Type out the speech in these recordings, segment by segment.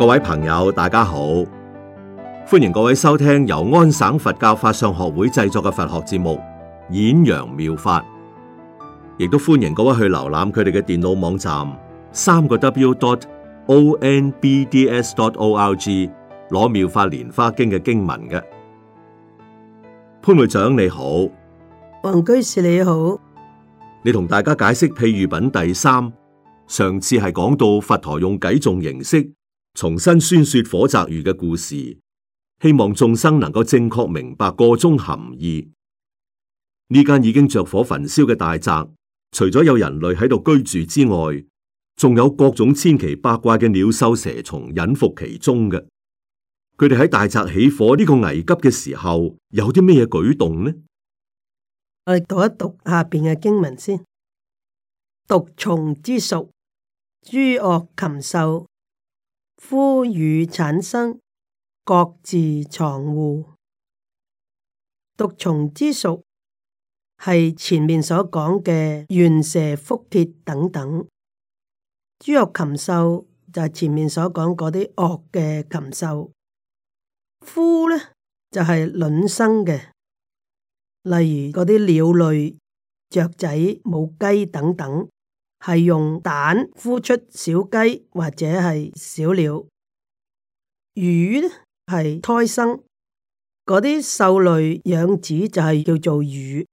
各位朋友，大家好，歡迎各位收聽由安省佛教法相學會製作嘅佛學節目《演揚妙法》，亦都歡迎各位去瀏覽佢哋嘅電腦網站三個 w.dot.o.n.b.d.s.dot.o.r.g 攞妙法蓮花經嘅經文嘅。潘會長你好，黃居士你好，你同大家解釋譬喻品第三，上次係講到佛陀用幾種形式。重新宣說火宅喻嘅故事，希望眾生能夠正確明白個中含義。呢間已經着火焚燒嘅大宅，除咗有人類喺度居住之外，仲有各種千奇百怪嘅鳥獸蛇蟲隱伏其中嘅。佢哋喺大宅起火呢個危急嘅時候，有啲咩舉動呢？我哋讀一讀下邊嘅經文先。毒蟲之屬，諸惡禽獸。呼乳產生，各自藏護。毒蟲之屬係前面所講嘅蚖蛇、蝮蠍等等。豬肉禽獸就係、是、前面所講嗰啲惡嘅禽獸。孵呢，就係、是、卵生嘅，例如嗰啲鳥類、雀仔、母雞等等。係用蛋孵出小雞或者係小鳥，魚呢係胎生，嗰啲獸類養子就係叫做魚，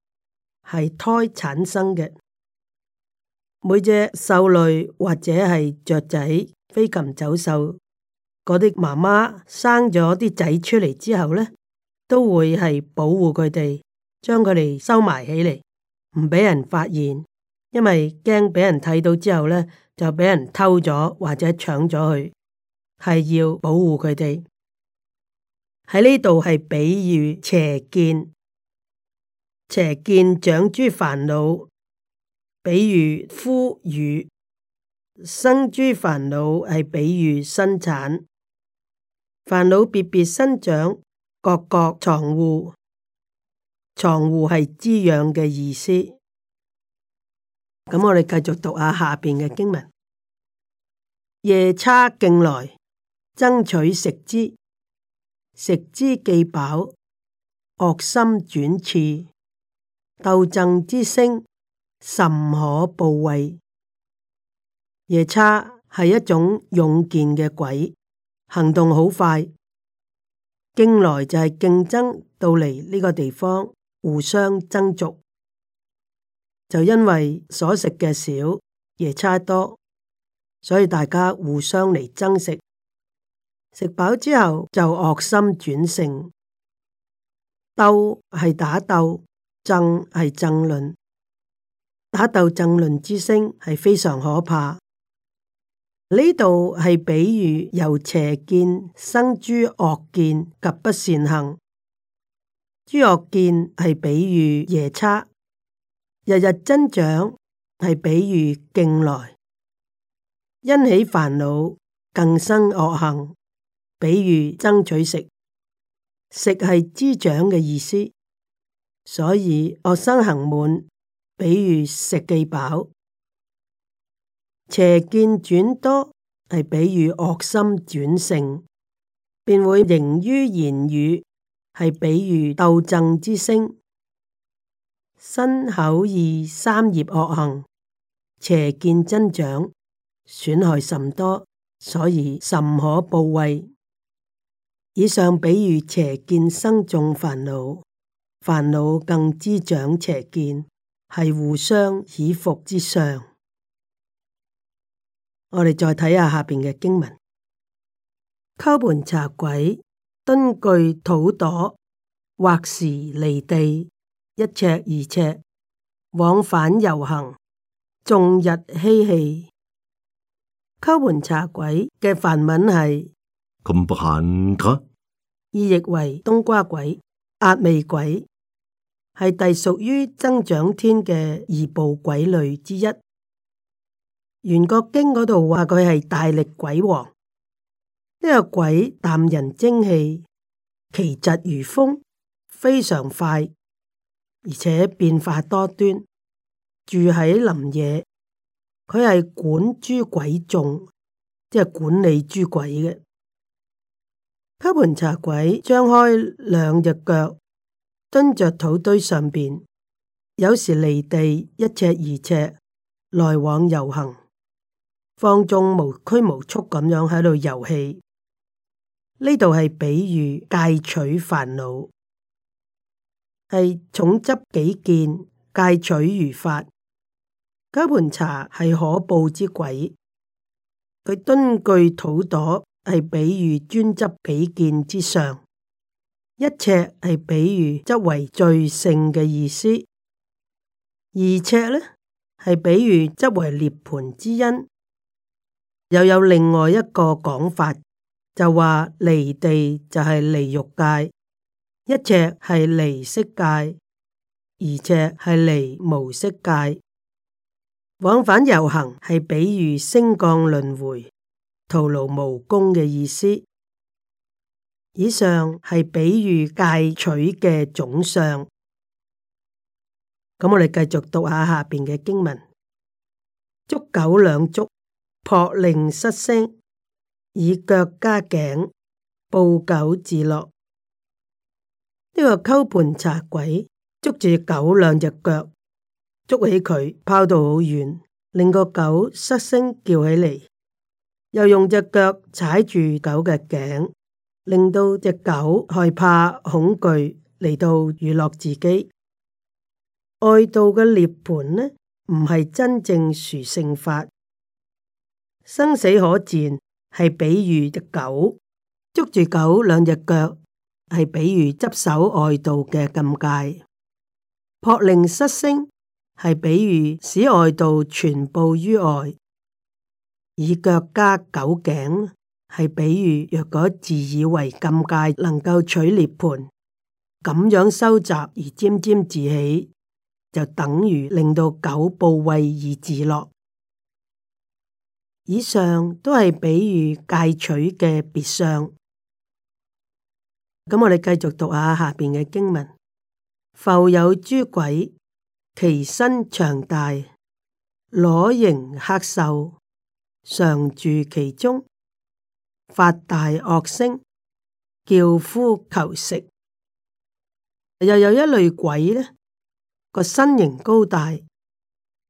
係胎產生嘅。每隻獸類或者係雀仔、飛禽走獸，嗰啲媽媽生咗啲仔出嚟之後呢，都會係保護佢哋，將佢哋收埋起嚟，唔俾人發現。.因為驚俾人睇到之後咧，就俾人偷咗或者搶咗去，係要保護佢哋。喺呢度係比喻邪見，邪見長諸煩惱；比喻呼籲生諸煩惱，係比喻生產煩惱，別別生長，各各藏護，藏護係滋養嘅意思。咁我哋繼續讀下下邊嘅經文。夜叉競來爭取食之，食之既飽，惡心轉熾，鬥爭之聲甚可怖畏。夜叉係一種勇健嘅鬼，行動好快。競來就係競爭，到嚟呢個地方，互相爭逐。就因為所食嘅少，夜叉多，所以大家互相嚟爭食，食飽之後就惡心轉性，鬥係打鬥，諍係諍論，打鬥諍論之聲係非常可怕。呢度係比喻由邪見生諸惡見及不善行，諸惡見係比喻夜叉。日日增長係比喻競來，因起煩惱更生惡行，比喻爭取食，食係滋長嘅意思，所以惡生行滿，比喻食既飽，邪見轉多係比喻惡心轉盛，便會形於言語，係比喻鬥爭之聲。心口二三業惡行，邪見增長，損害甚多，所以甚可怖畏。以上比喻邪見生眾煩惱，煩惱更滋長邪見，係互相倚伏之相。我哋再睇下下邊嘅經文：勾盤查鬼，蹲具土朵，或時離地。一尺二尺，往返遊行，縱逸嬉戲。鳩槃荼鬼嘅梵文係，咁不幸佢意譯為冬瓜鬼、厭魅鬼，係隸屬於增長天嘅二部鬼類之一。圓覺經嗰度話佢係大力鬼王，呢、這個鬼啖人精氣，其疾如風，非常快。而且變化多端，住喺林野，佢係管諸鬼眾，即係管理諸鬼嘅。鳩槃茶鬼張開兩隻腳，蹲着土堆上邊，有時離地一尺二尺，來往遊行，放縱無拘無束咁樣喺度遊戲。呢度係比喻戒取煩惱。係重執幾件，戒取如法。鳩槃荼係可怖之鬼，佢蹲踞土埵係比喻專執己見之上，一尺係比喻執為最勝嘅意思，二尺呢係比喻執為涅槃之因。又有另外一個講法，就話離地就係離欲界。一尺係離色界，二尺係離無色界。往返遊行係比喻升降輪迴、徒勞無功嘅意思。以上係比喻戒取嘅總相。咁我哋繼續讀下下邊嘅經文：捉狗兩足，撲令失聲；以腳加頸，怖狗自樂。呢個溝盤賊鬼捉住狗兩隻腳，捉起佢拋到好遠，令個狗失聲叫起嚟，又用隻腳踩住狗嘅頸，令到隻狗害怕恐懼嚟到娛樂自己。愛到嘅涅盤呢，唔係真正殊勝法，生死可踐係比喻隻狗捉住狗兩隻腳。係，比喻執守外道嘅禁戒；撲令失聲，係比喻使外道傳播於外；以腳加狗頸，係比喻若果自以為禁戒能夠取涅槃，咁樣修習而沾沾自喜，就等於令到狗報位而自樂。以上都係比喻戒取嘅別相。咁我哋繼續讀下下邊嘅經文。復有諸鬼，其身長大，裸形黑瘦，常住其中，發大惡聲，叫呼求食。又有一類鬼呢，個身形高大，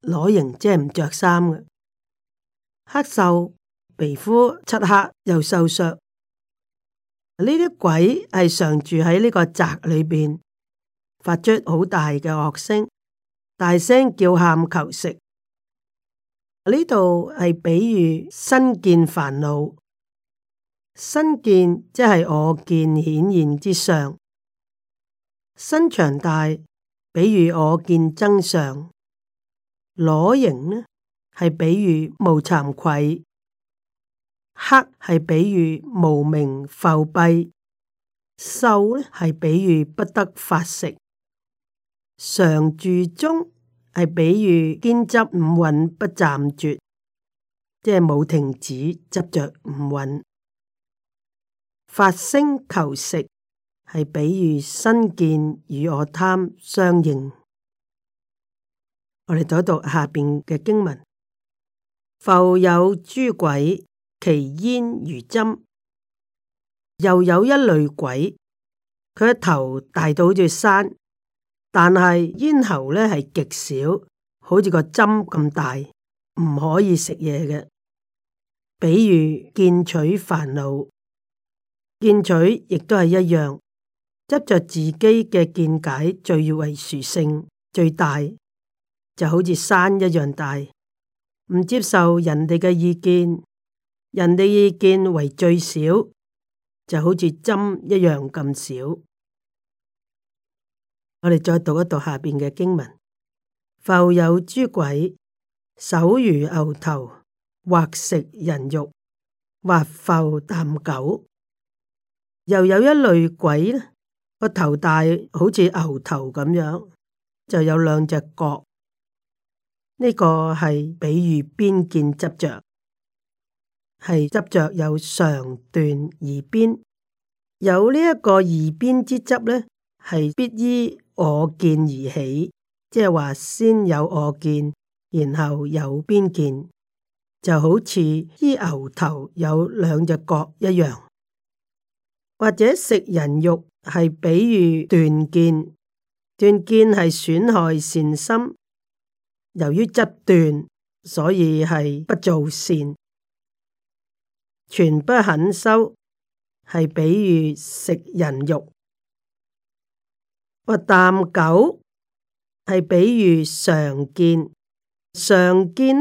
裸形即係唔着衫嘅，黑瘦，皮膚漆黑，又瘦削。呢啲鬼係常住喺呢個宅裏邊，發出好大嘅惡聲，大聲叫喊求食。呢度係比喻身見煩惱，身見即係我見顯現之上，身長大，比喻我見真相，裸形呢，係比喻無慚愧。黑係比喻無明浮閉，瘦咧係比喻不得法食，常住中係比喻堅執五蘊不暫絕，即係冇停止執着五蘊。發聲求食係比喻身見與我貪相應。我哋再讀，讀下邊嘅經文：浮有諸鬼。其煙如針，又有一類鬼，佢嘅頭大到好似山，但係咽喉咧係極小，好似個針咁大，唔可以食嘢嘅。比如見取煩惱，見取亦都係一樣，執着自己嘅見解最為殊勝，最大就好似山一樣大，唔接受人哋嘅意見。人哋意見為最少，就好似針一樣咁少。我哋再讀一讀下邊嘅經文：復有諸鬼，首如牛頭，或食人肉，或復啖狗。又有一類鬼呢，個頭大，好似牛頭咁樣，就有兩隻角。呢、這個係比喻邊見執着。係執着有常斷二邊，有呢一個二邊之執呢，係必依我見而起，即係話先有我見，然後有邊見，就好似依牛頭有兩隻角一樣，或者食人肉係比喻斷見，斷見係損害善心，由於執斷，所以係不做善。全不肯收，係比喻食人肉；話啖狗，係比喻常見。常見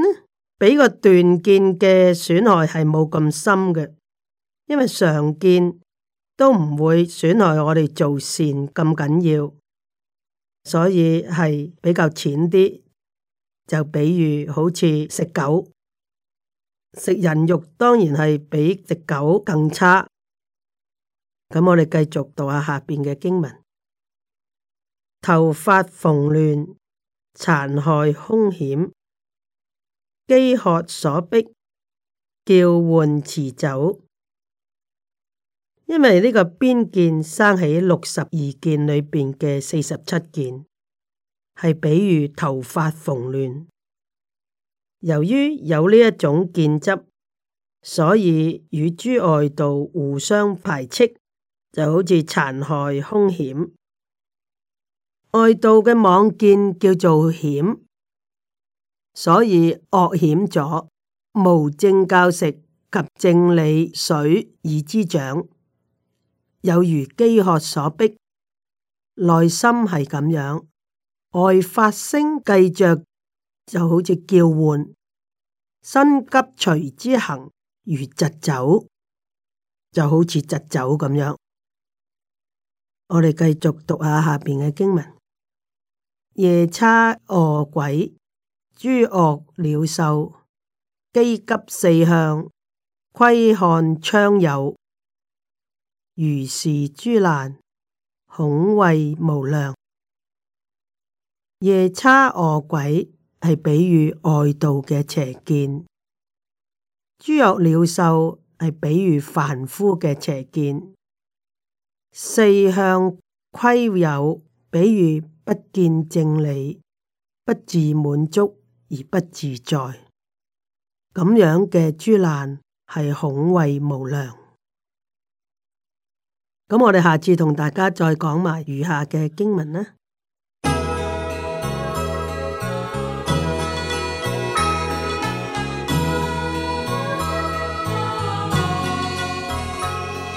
比俾個斷見嘅損害係冇咁深嘅，因為常見都唔會損害我哋做善咁緊要，所以係比較淺啲。就比喻好似食狗。食人肉當然係比食狗更差。咁我哋繼續讀下下邊嘅經文：頭髮蓬亂，殘害兇險，飢渴所逼，叫喚馳走。因為呢個邊件生喺六十二件裏邊嘅四十七件，係比喻頭髮蓬亂。由於有呢一種見執，所以與諸外道互相排斥，就好似殘害凶險。外道嘅妄見叫做險，所以惡險咗，無正教食及正理水而滋長，有如飢渴所逼。內心係咁樣，外發聲計着。就好似叫喚，心急隨之行如疾走，就好似疾走咁樣。我哋繼續讀下下邊嘅經文：夜叉餓鬼、諸惡鳥獸、飢急,急四向窺看窗牖，如是諸難，恐畏無量。夜叉餓鬼。係比喻外道嘅邪見，諸惡鳥獸係比喻凡夫嘅邪見，四向規有，比喻不見正理，不自滿足而不自在，咁樣嘅諸難係恐畏無量。咁我哋下次同大家再講埋餘下嘅經文啦。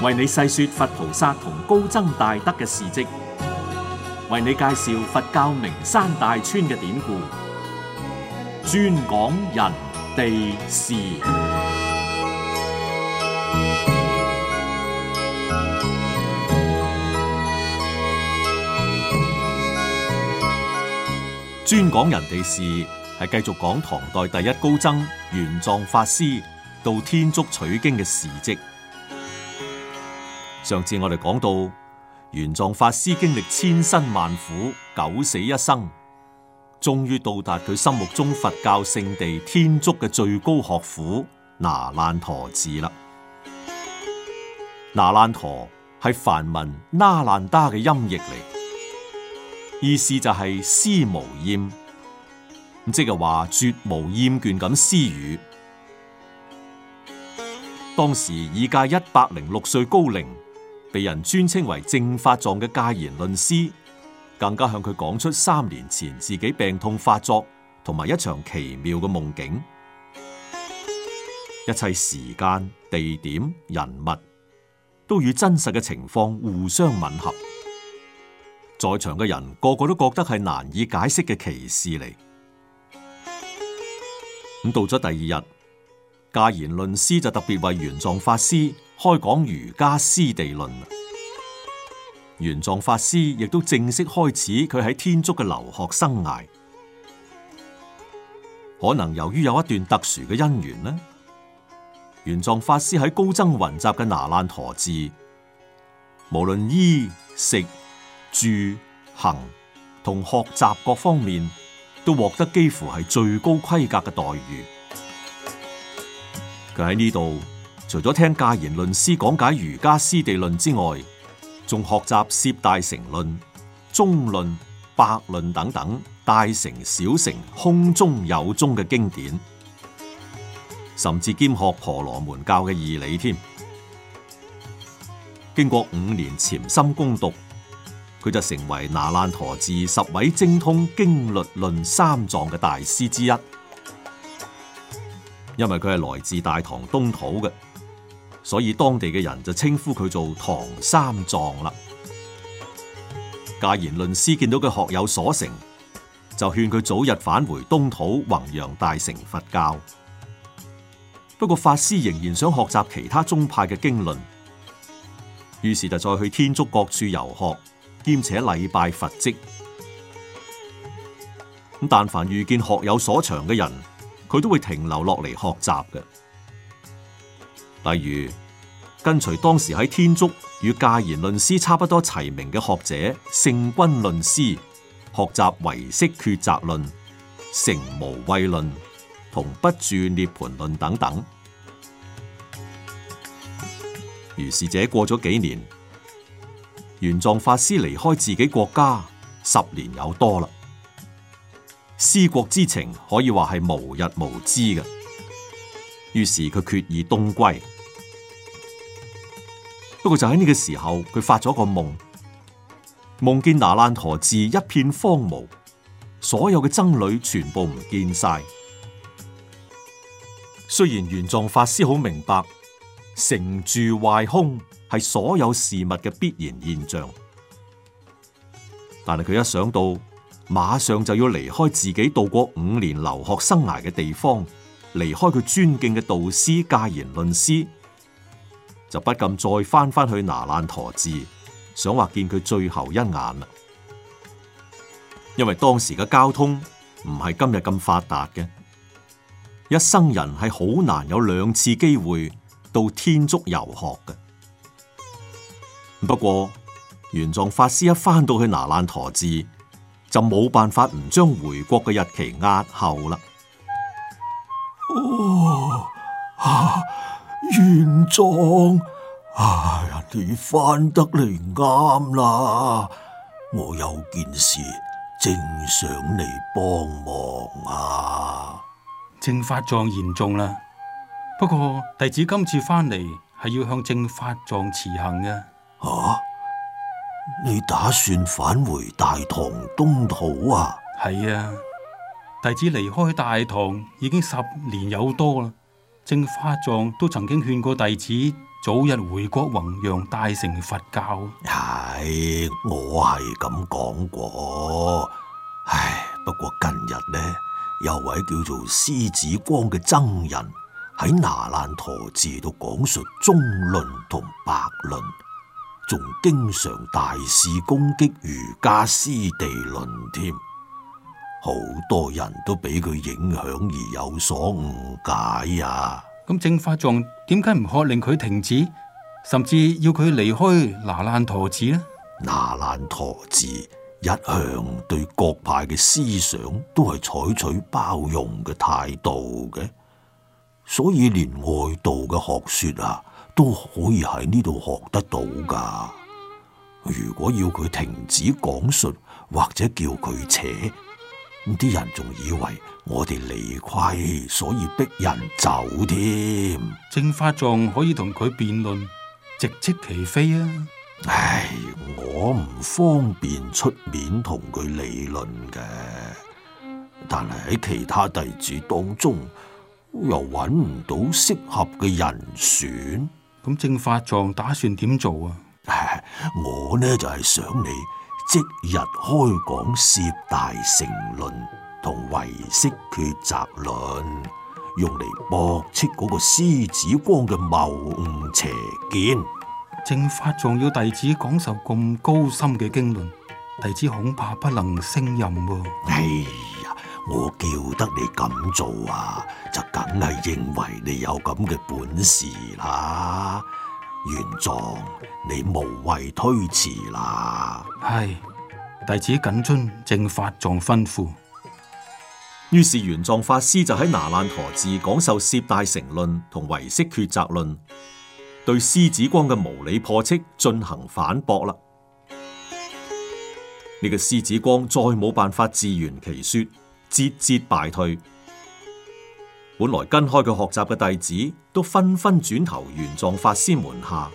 為你細說佛菩薩同高僧大德嘅事跡，為你介紹佛教名山大川嘅典故，專講人哋事。專講人哋事係繼續講唐代第一高僧玄奘法師到天竺取經嘅事跡。上次我哋講到，玄奘法師經歷千辛萬苦，九死一生，終於到達佢心目中佛教聖地天竺嘅最高學府那爛陀寺啦。那爛陀係梵文那爛達嘅音譯嚟，意思就係施無厭，即係話絕無厭倦咁施與。當時已屆一百零六歲高齡。被人尊稱為正法狀嘅戒賢論師，更加向佢講出三年前自己病痛發作同埋一場奇妙嘅夢境，一切時間、地點、人物都與真實嘅情況互相吻合。在場嘅人個個都覺得係難以解釋嘅奇事嚟。咁到咗第二日，戒賢論師就特別為玄奘法師，開講瑜伽師地論，玄奘法師亦都正式開始佢喺天竺嘅留學生涯。可能由於有一段特殊嘅因緣呢，玄奘法師喺高僧雲集嘅那爛陀寺，無論衣食住行同學習各方面，都獲得幾乎係最高規格嘅待遇。佢喺呢度。除咗聽戒賢論師講解瑜伽師地論之外，仲學習攝大乘論、中論、百論等等大乘小乘空中有宗嘅經典，甚至兼學婆羅門教嘅義理添。經過五年潛心攻讀，佢就成為那爛陀寺十位精通經律論三藏嘅大師之一。因為佢係來自大唐東土嘅。所以當地嘅人就稱呼佢做唐三藏啦。戒賢論師見到佢學有所成，就勸佢早日返回東土弘揚大乘佛教。不過法師仍然想學習其他宗派嘅經論，於是就再去天竺各處遊學，兼且禮拜佛跡。咁但凡遇見學有所長嘅人，佢都會停留落嚟學習嘅。例如跟隨當時喺天竺與戒賢論師差不多齊名嘅學者聖君論師學習唯識抉擇論、成無畏論同不住涅槃論等等。於是者過咗幾年，玄奘法師離開自己國家十年有多啦，思國之情可以話係無日無之嘅。於是佢決意東歸，不過就喺呢個時候，佢發咗個夢，夢見那爛陀寺一片荒蕪，所有嘅僧侶全部唔見晒。雖然玄奘法師好明白成住壞空係所有事物嘅必然現象，但係佢一想到馬上就要離開自己度過五年留學生涯嘅地方。離開佢尊敬嘅導師，戒賢論師，就不禁再返返去拿蘭陀寺，想話見佢最後一眼啦。因為當時嘅交通唔係今日咁發達嘅，一生人係好難有兩次機會到天竺遊學嘅。不過，玄奘法師一返到去拿蘭陀寺，就冇辦法唔將回國嘅日期押後啦。哦，啊，玄奘，哎呀，你翻得嚟啱啦！我有件事正想你幫忙啊。正法狀嚴重啦，不過弟子今次翻嚟係要向正法狀辭行嘅。啊，你打算返回大唐東土啊？係啊。弟子離開大唐已經十年有多啦，正法藏都曾經勸過弟子早日回國弘揚大乘佛教。係，我係咁講過。唉，不過近日呢，有位叫做獅子光嘅僧人喺那爛陀寺度講述中論同百論，仲經常大肆攻擊瑜伽師地論好多人都俾佢影響而有所誤解啊。咁正法藏點解唔可令佢停止，甚至要佢離開拿爛陀寺呢？拿爛陀寺一向對各派嘅思想都係採取包容嘅態度嘅，所以連外道嘅學說啊都可以喺呢度學得到噶。如果要佢停止講述，或者叫佢扯。啲人仲以為我哋理虧，所以逼人走添。正法藏可以同佢辯論，直斥其非啊！唉，我唔方便出面同佢理論嘅，但係喺其他弟子當中又揾唔到適合嘅人選。咁正法藏打算點做啊？唉，我呢就係想你。即日開講《攝大乘論》同《唯識抉擇論》，用嚟駁斥嗰個獅子光嘅謬誤邪見。正法仲要弟子講授咁高深嘅經論，弟子恐怕不能勝任喎、啊。哎呀，我叫得你咁做啊，就梗係認為你有咁嘅本事啦。玄奘，你無謂推辭啦。係，弟子謹遵正法藏吩咐。於是玄奘法師就喺拿蘭陀寺講授《攝大乘論》同《唯識抉擇論》，對獅子光嘅無理破斥進行反駁啦。呢、這個獅子光再冇辦法自圓其說，節節敗退。本來跟開佢學習嘅弟子都紛紛轉投玄奘法師門下，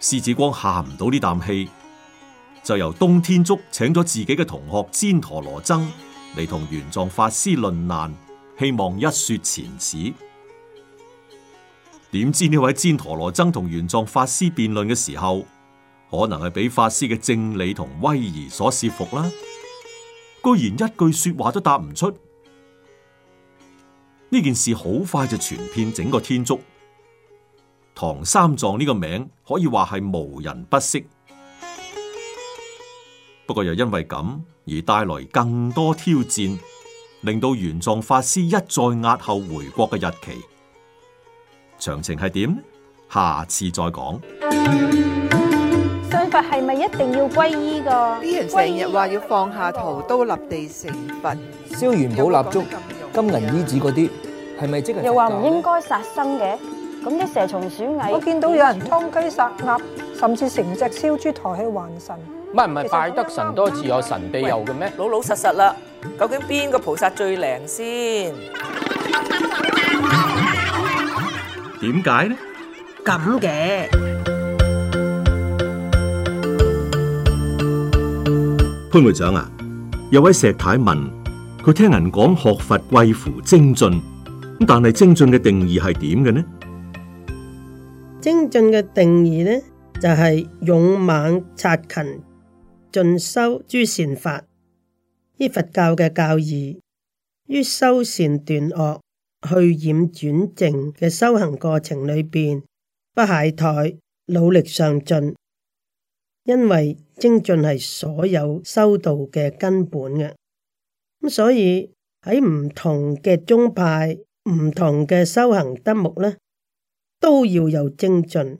獅子光下唔到呢啖氣，就由東天竺請咗自己嘅同學旃陀羅僧嚟同玄奘法師論難，希望一雪前恥。點知呢位旃陀羅僧同玄奘法師辯論嘅時候，可能係俾法師嘅正理同威儀所懾服啦，居然一句說話都答唔出。呢件事好快就傳遍整個天竺，唐三藏呢個名可以話係無人不識。不過又因為咁而帶來更多挑戰，令到玄奘法師一再押後回國嘅日期。詳情係點？下次再講。嗯。信佛係咪一定要皈依噶？啲人成日話要放下屠刀立地成佛，燒元寶蠟燭。金銀衣紙嗰啲係咪即係？又話唔應該殺生嘅，咁啲蛇蟲鼠蟻，我見到有人劏雞殺鴨，甚至成隻燒豬抬去還神。唔係唔係，拜得神多自有神庇佑嘅咩？老老實實啦，究竟邊個菩薩最靈先？點解呢？咁嘅潘會長啊，有位石太問。佢聽人講學佛貴乎精進，咁但係精進嘅定義係點嘅呢？精進嘅定義呢，就係勇猛、策勤、進修諸善法。依佛教嘅教義，於修善斷惡、去染轉正嘅修行過程裏邊，不懈怠、努力上進，因為精進係所有修道嘅根本嘅。咁所以喺唔同嘅宗派、唔同嘅修行德目呢，都要有精進。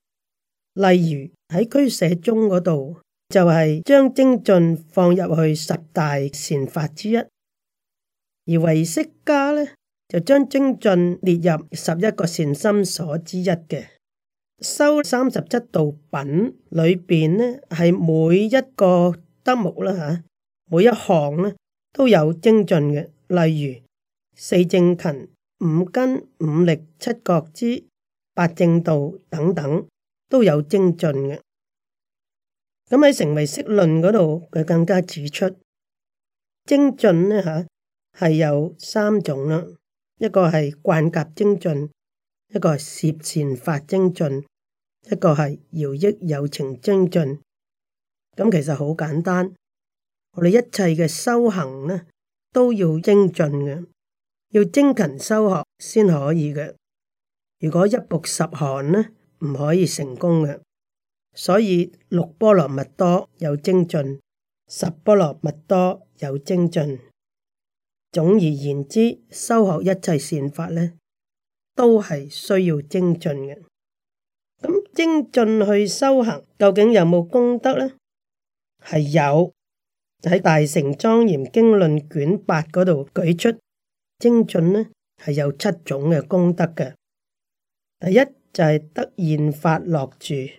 例如喺俱舍宗嗰度，就係、是、將精進放入去十大善法之一；而唯識家呢，就將精進列入十一個善心所之一嘅。修三十七道品裏邊呢，係每一個德目啦吓，每一項呢。都有精進嘅，例如四正勤、五根、五力、七覺支、八正道等等，都有精進嘅。咁喺成唯識論嗰度，佢更加指出精進呢吓，係有三種啦，一個係貫甲精進，一個係攝善法精進，一個係饒益有情精進。咁其實好簡單。我哋一切嘅修行呢，都要精進嘅，要精勤修學先可以嘅。如果一曝十寒呢，唔可以成功嘅。所以六波羅蜜多有精進，十波羅蜜多有精進。總而言之，修學一切善法呢，都係需要精進嘅。咁精進去修行，究竟有冇功德呢？係有。喺《大乘莊嚴經論卷八》嗰度舉出精準咧，係有七種嘅功德嘅。第一就係、是、得現法樂住，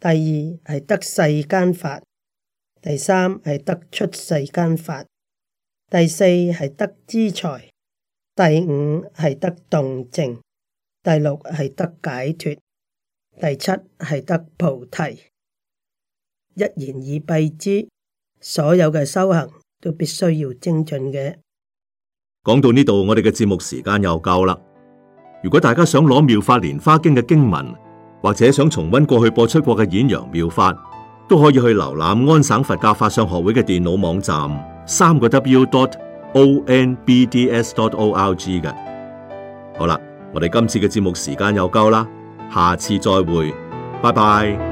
第二係得世間法，第三係得出世間法，第四係得資財，第五係得動靜，第六係得解脫，第七係得菩提。一言以蔽之。所有嘅修行都必須要精進嘅。講到呢度，我哋嘅節目時間又夠啦。如果大家想攞《妙法蓮花經》嘅經文，或者想重温過去播出過嘅《演揚妙法》，都可以去瀏覽安省佛教法相學會嘅電腦網站，三個 W dot O N B D S dot O R G 嘅。好啦，我哋今次嘅節目時間又夠啦，下次再會，拜拜。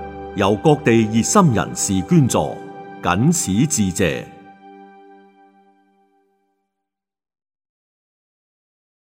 由各地熱心人士捐助，謹此致謝。